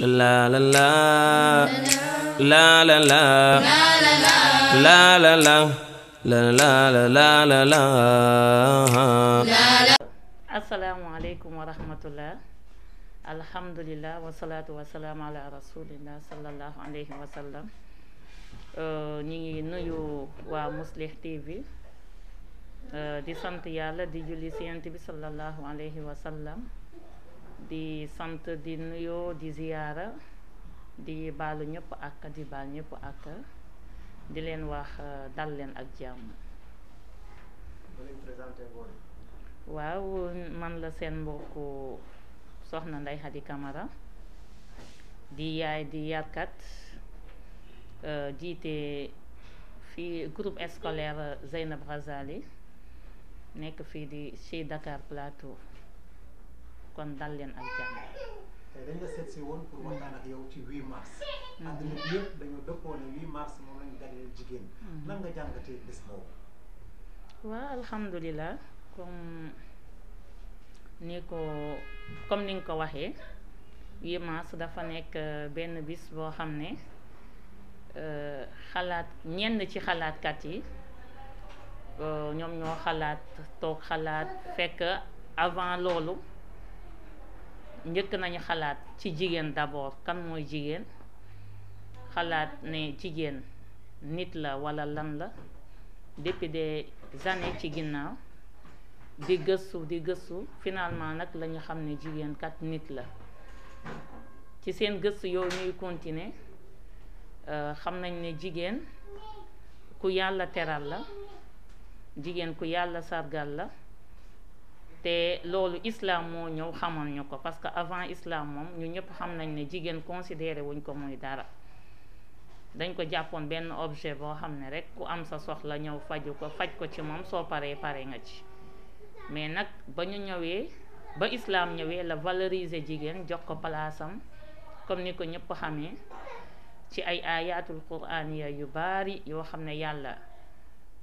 la la la la la la la la la la la la la la asalaamaaleykum wa rahmatullah alhamdulillah wasalaatu wasalaam ala rasulillah sallallahu alayhi wa sallam euh, ñu ngi nuyu waa Mouslih TV euh, di sant yàlla di julli si yonent bi sallallahu alayhi wa sallam di sant di nuyoo di ziyaara di baalu ñëpp ak di baal ñëpp ak di leen wax euh, dal leen ak jàmm waaw man la seen mbokku soxna Ndeye Khady Camara di yaay di yarkat euh, jiite fii groupe scolaire euh, Zeynab Ghazali nekk fii di ci Dakar Plateau kon dal leen ak jàmm. ci 8 mars. Mm. àdduna bi yëpp dañoo dëppoo mm. waaw alhamdulilah comme ni ko comme ni nga ko waxee 8 dafa nekk euh, benn bis boo xam ne euh, xalaat ñenn ci kat yi. Euh, ñoom ñoo xalaat toog xalaat fekk avant loolu njëkk nañu xalaat ci jigéen d'abord kan mooy jigéen xalaat ne jigéen nit la walla lan la depuis des années ci ginnaaw di gëstu di gëstu finalement nag lañu xam ne jigéen kat nit la ci seen gëstu yow ñuy continuer euh, xam nañ ne jigéen ku yàlla teral la jigéen ku yàlla sargal la te loolu islaam moo ñëw xamal ñu ko parce que avant islaam moom ñu ñëpp xam nañ ne jigéen considéré wuñ ko muy dara dañ ko jàppoon benn objet boo xam ne rek ku am sa soxla ñëw faju ko faj ko ci moom soo paree pare nga ci mais nag ba ñu ñëwee ba islaam ñëwee la valoriser jigéen jox ko palaasam comme ni ko xam xamee ci ay ayatul quraaniya yu baari yoo xam ne yàlla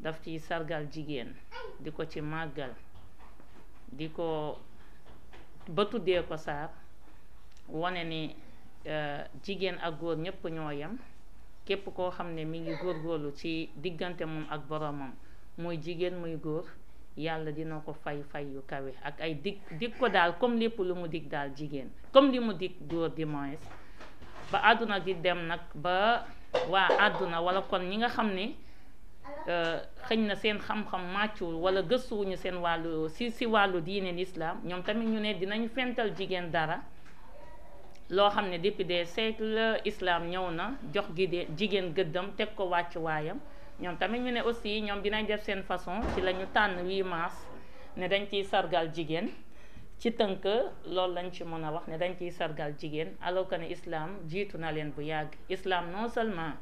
daf ciy sargal jigéen di ko ci màggal di ko ba tuddee ko saar wane ni euh, jigéen ak góor ñépp ñoo yem képp koo xam ne mi ngi góor góorlu ci diggante moom ak boroomam mooy jigéen muy góor yàlla dina ko fay fay yu kawe ak ay dig dig ko daal comme lépp lu mu dig daal jigéen comme li mu dig góor di moins ba àdduna di dem nag ba waa àdduna walla kon ñi nga xam ni Euh, xëñ na seen xam-xam màccul wala gëstuwuñu seen wàllu si si wàllu diine lislaam ñoom tamit ñu ne dinañu fental jigéen dara loo xam ne depuis des siècles islaam ñëw na jox gi de jigéen gëddam teg ko wàcc waayam ñoom tamit ñu ne aussi ñoom dinañ def seen façon ci lañu tànn wii mars ne dañ ciy sargal jigéen ci tënk loolu lañ ci mën a wax ne dañ ciy sargal jigéen alors que jiitu na leen bu yàgg islam non seulement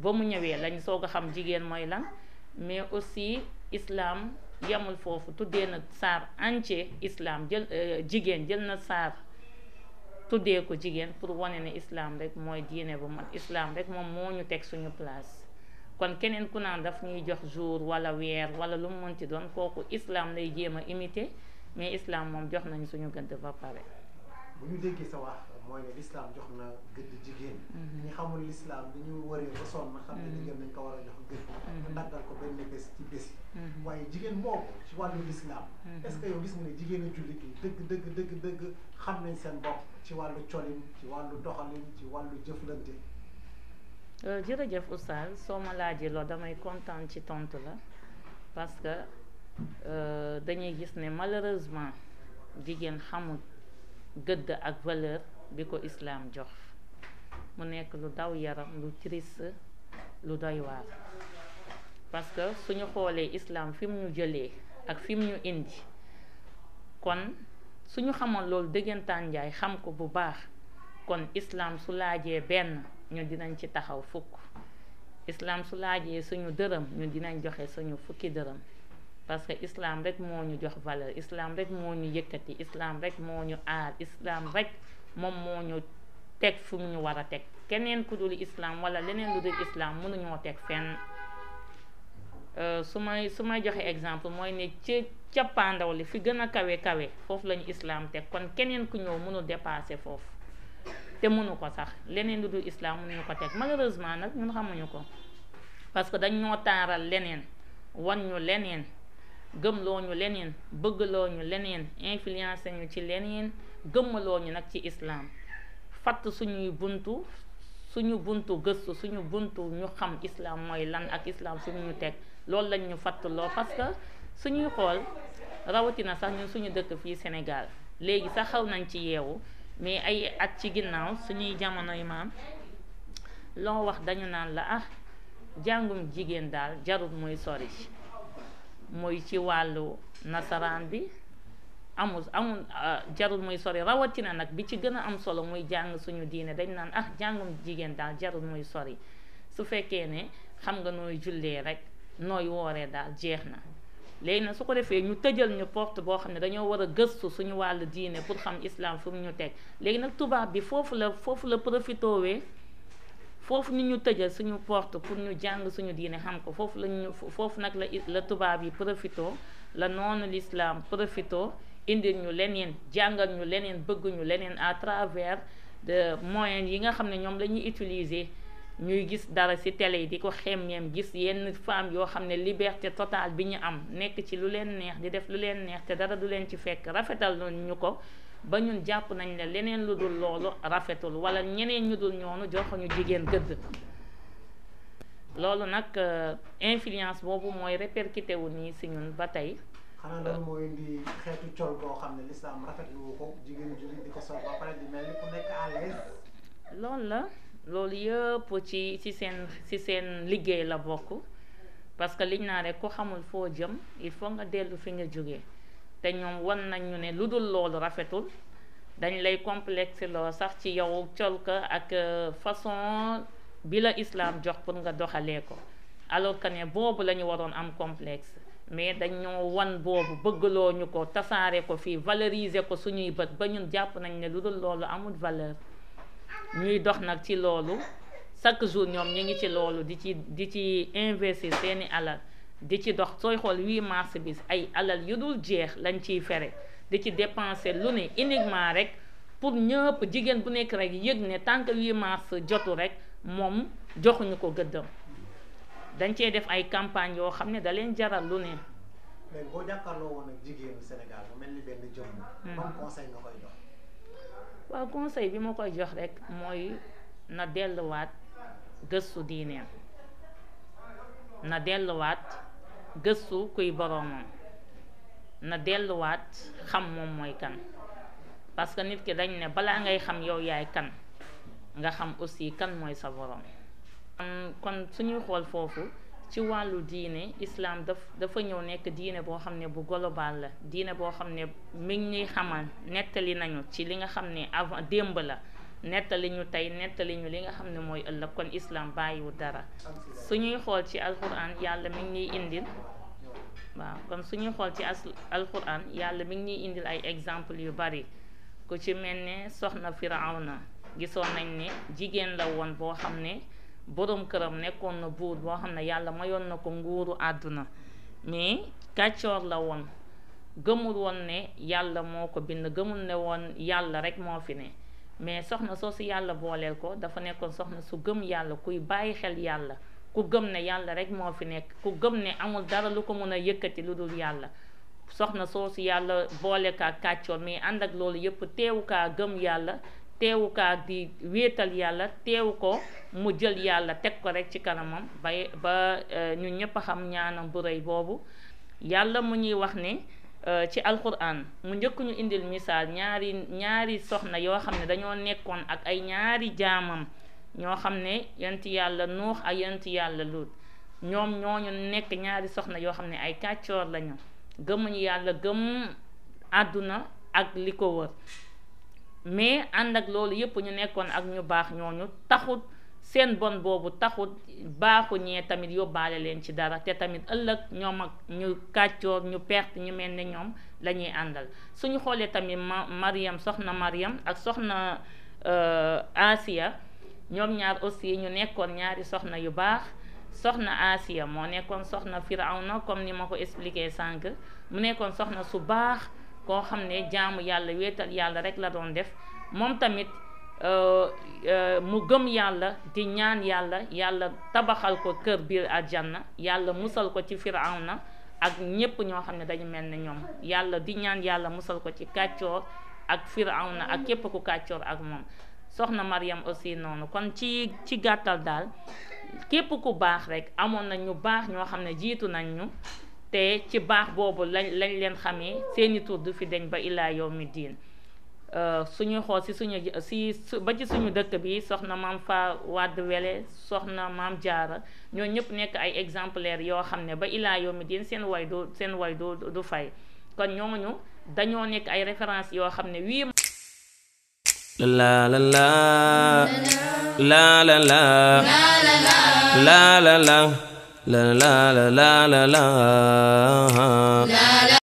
ba mu ñëwee lañ soog a xam jigéen mooy lan mais aussi islaam yamul foofu tuddee na saar entier islaam jël euh, jigéen jël na saar tuddee ko jigéen pour wane ne islaam rek mooy diine bu mat islaam rek moom moo ñu teg suñu place kon keneen ku naan daf ñuy jox jour wala weer wala lu mu mënti doon kooku islaam lay jéem a imité mais islaam moom jox nañ suñu gëdd ba pare. mooy ne lislaam jox na gëdd jigéen mhm. ñi xamul lislaam bi ñu waree ba sonn xam mhm. ne jigéen dañ ko war a jox gëdd te mhm. daggal ko benn bés ci bés yi waaye jigéen moo ko ci wàllu lislaam est-ce que yow gis nga ne jigéen a jullit yi dëgg dëgg dëgg xam nañ seen bopp ci wàllu colin ci wàllu doxalin ci wàllu jëflante euh, jërëjëf soo ma laajee loolu damay kontaan ci tontu la parce que euh, dañuy gis ne malheureusement jigéen xamul gëdd ak valeur bi ko islaam jox mu nekk lu daw yaram lu triste lu doy waar parce que suñu xoolee islaam fi mu ñu jëlee ak fi mu ñu indi kon suñu xamoon loolu dëggantaan njaay xam ko bu baax kon islaam su laajee benn ñu dinañ ci taxaw fukk islaam su laajee suñu dërëm ñu dinañ joxe suñu fukki dërëm parce que islaam rek moo ñu jox valeur islaam rek moo ñu yëkkati islaam rek moo ñu aar islaam rek moom moo ñu teg fu mu ñu war a teg keneen ku dul islam wala leneen lu dul islam mënuñoo teg fenn euh, su may su may joxe exemple mooy ne ci cappaandaw li fi gën a kawe kawe foofu lañu islam teg kon keneen ku ñëw mënul dépasser foofu te mënu ko sax leneen lu dul islam mënuñu ko teg malheureusement nag ñun xamuñu ko parce que dañ ñoo taaral leneen wan ñu leneen gëmloo ñu leneen bëggloo ñu leneen influencé ñu ci leneen gëmmaloo ñu nag ci islaam fatt suñuy buntu suñu buntu gëstu suñu buntu ñu xam islaam mooy lan ak islaam suñu ñu teg loolu lañ ñu fattloo parce que suñuy xool rawatina sax ñun suñu dëkk fii Sénégal léegi sax xaw nañ ci yeewu mais ay at ci ginnaaw suñuy jamonoy maam loo wax dañu naan la ah jàngum jigéen daal jarul muy sori muy ci wàllu nasaraan bi amul amul ah, jarul muy sori rawatina nag bi ci gën a am solo muy jàng suñu diine dañ naan ah jàngum jigéen daal jarul muy sori su fekkee ne xam nga nooy jullee rek nooy wooree daal jeex na léegi nag su ko defee ñu tëjal ñu porte boo xam ne dañoo war a gëstu suñu wàllu diine pour xam islam fu mu ñu teg léegi nag tubaab bi foofu la foofu la profitowee foofu ni ñu tëjal suñu porte pour ñu jàng suñu diine xam ko foofu la ñu foofu nag la la tubaab yi profito la noonu lislaam profito indi ñu leneen jàngal ñu leneen bëgguñu ñu leneen à travers de moyens yi nga xam ne ñoom lañuy ñuy utiliser ñuy gis dara ci tele yi di ko xem xemmeem gis yenn femmes yoo xam ne liberté totale bi ñu am nekk ci lu leen neex di def lu leen neex te dara du leen ci fekk rafetal ñu ko ba ñun jàpp nañ ne leneen lu dul loolu rafetul wala ñeneen ñu dul ñoonu joxuñu jigéen gëdd loolu nag euh, influence boobu mooy répercuté wu nii si ñun ba tey xanaa loolu mooy boo xam ne lislaam la loolu yëpp ci ci seen ci seen liggéey la bokk parce que liñ naa rek ku xamul foo jëm il faut nga dellu fi nga jógee te ñoom wan nañ ñu ne lu dul loolu rafetul dañ lay complexe loo sax ci yow col ka ak euh, façon bi la islam jox pour nga doxalee ko alors que ne boobu la ñu waroon am complex mais dañ dañoo wan boobu bëggloo ñu ko tasaare ko fii valoriser ko suñuy bët ba ñun jàpp nañ ne lu dul loolu amul valeur ñuy dox nag ci loolu chaque jour ñoom ñu ngi ci loolu di ci di ci investir seeni alal di ci dox sooy xool 8 mars bi ay alal yu dul jeex lañ ciy fere di ci dépenser lu ne uniquement rek pour ñëpp jigéen bu nekk rek yëg ne tant que 8 mars jotu rek moom joxuñu ko gëddam dañ cee def ay campagne yoo xam ne da leen jaral lu ne. léegi boo jàkkaarloo woon ak hmm. conseil nga koy jox. waaw conseil bi ma koy jox rek mooy na delluwaat gëstu diineem na delluwaat. gëstu kuy boroomam na delluwaat xam moom mooy kan parce que nit ki dañ ne balaa ngay xam yow yaay kan nga xam aussi kan mooy sa borom kon suñuy xool foofu ci wàllu diine islam daf dafa ñëw nekk diine boo xam ne bu golobaal la diine boo xam ne mi ngi ñuy xamal nettali nañu ci li nga xam ne avant démb la nettali ñu tey nettali ñu li nga xam ne mooy ëllëg kon islam bàyyiwu dara suñuy xool ci yàlla mi ngi ñuy indil waaw kon suñuy xool ci as yàlla mi ngi ñuy indil ay exemple yu bari ku ci mel ne soxna na gisoo nañ ne jigéen la woon boo xam ne boroom këram nekkoon na buur boo xam ne yàlla mayoon na ko nguuru àdduna mais kàccoor la woon gëmul woon ne yàlla moo ko bind gëmul ne woon yàlla rek moo fi ne mais soxna soo si yàlla booleel ko dafa nekkoon soxna su gëm yàlla kuy bàyyi xel yàlla ku gëm ne yàlla rek moo fi nekk ku gëm ne amul dara lu ko mën a yëkkati lu dul yàlla soxna soo si yàlla boole kaa kàccoor mais ànd ak loolu yépp teewu kaa gëm yàlla teewu kaa wéetal yàlla teewu ko mu jël yàlla teg ko rek ci kanamam ba ba euh, ñun ñépp a xam ñaanam bu rëy boobu yàlla mu ñuy wax ne Euh, ci alquran mu njëkk ñu indil misaal ñaari ñaari soxna yoo xam ne dañoo nekkoon ak ay ñaari jaamam ñoo xam ne yonent yàlla nuux ak yonent yàlla luut ñoom ñooñu nekk ñaari soxna yoo xam ne ay kàccoor lañu gëmuñu yàlla gëm àdduna ak li ko wër mais ànd ak loolu yépp ñu nekkoon ak ñu baax ñooñu taxut seen bon boobu taxut baaxu ñee tamit yóbbaale leen ci dara te tamit ëllëg ñoom ak ñu kàccoor ñu perte ñu mel ni ñoom lañuy ñuy àndal suñu xoolee tamit ma Mariam soxna Mariam ak soxna euh, Asiya ñoom ñaar aussi ñu nekkoon ñaari soxna yu baax soxna Asiya moo nekkoon soxna na comme ni ma ko expliqué sànk mu nekkoon soxna su baax koo xam ne jaamu yàlla wéetal yàlla rek la doon def moom tamit Euh, euh, mu gëm yàlla di ñaan yàlla yàlla tabaxal ko kër biir aljanna yàlla musal ko ci na ak ñépp ñoo xam ne dañu mel ne ñoom yàlla di ñaan yàlla musal ko ci kàccoor ak na ak képp ku kàccoor ak moom soxna mariyam aussi noonu kon ci ci gàttal daal képp ku baax rek amoon na ñu baax ñoo xam ne jiitu nañ ñu te ci baax boobu lañ lañ leen xamee seeni tur du fi deñ ba illaa mi diin suñu xool si suñu si ba ci suñu dëkk bi soxna maam Fa Wade Wele soxna maam Jaara ñoo ñëpp nekk ay exemplaires yoo xam ne ba ilaa yawmi diin seen way du seen way du du fay kon ñooñu dañoo nekk ay références yoo xam ne wii la la la la la la la la la la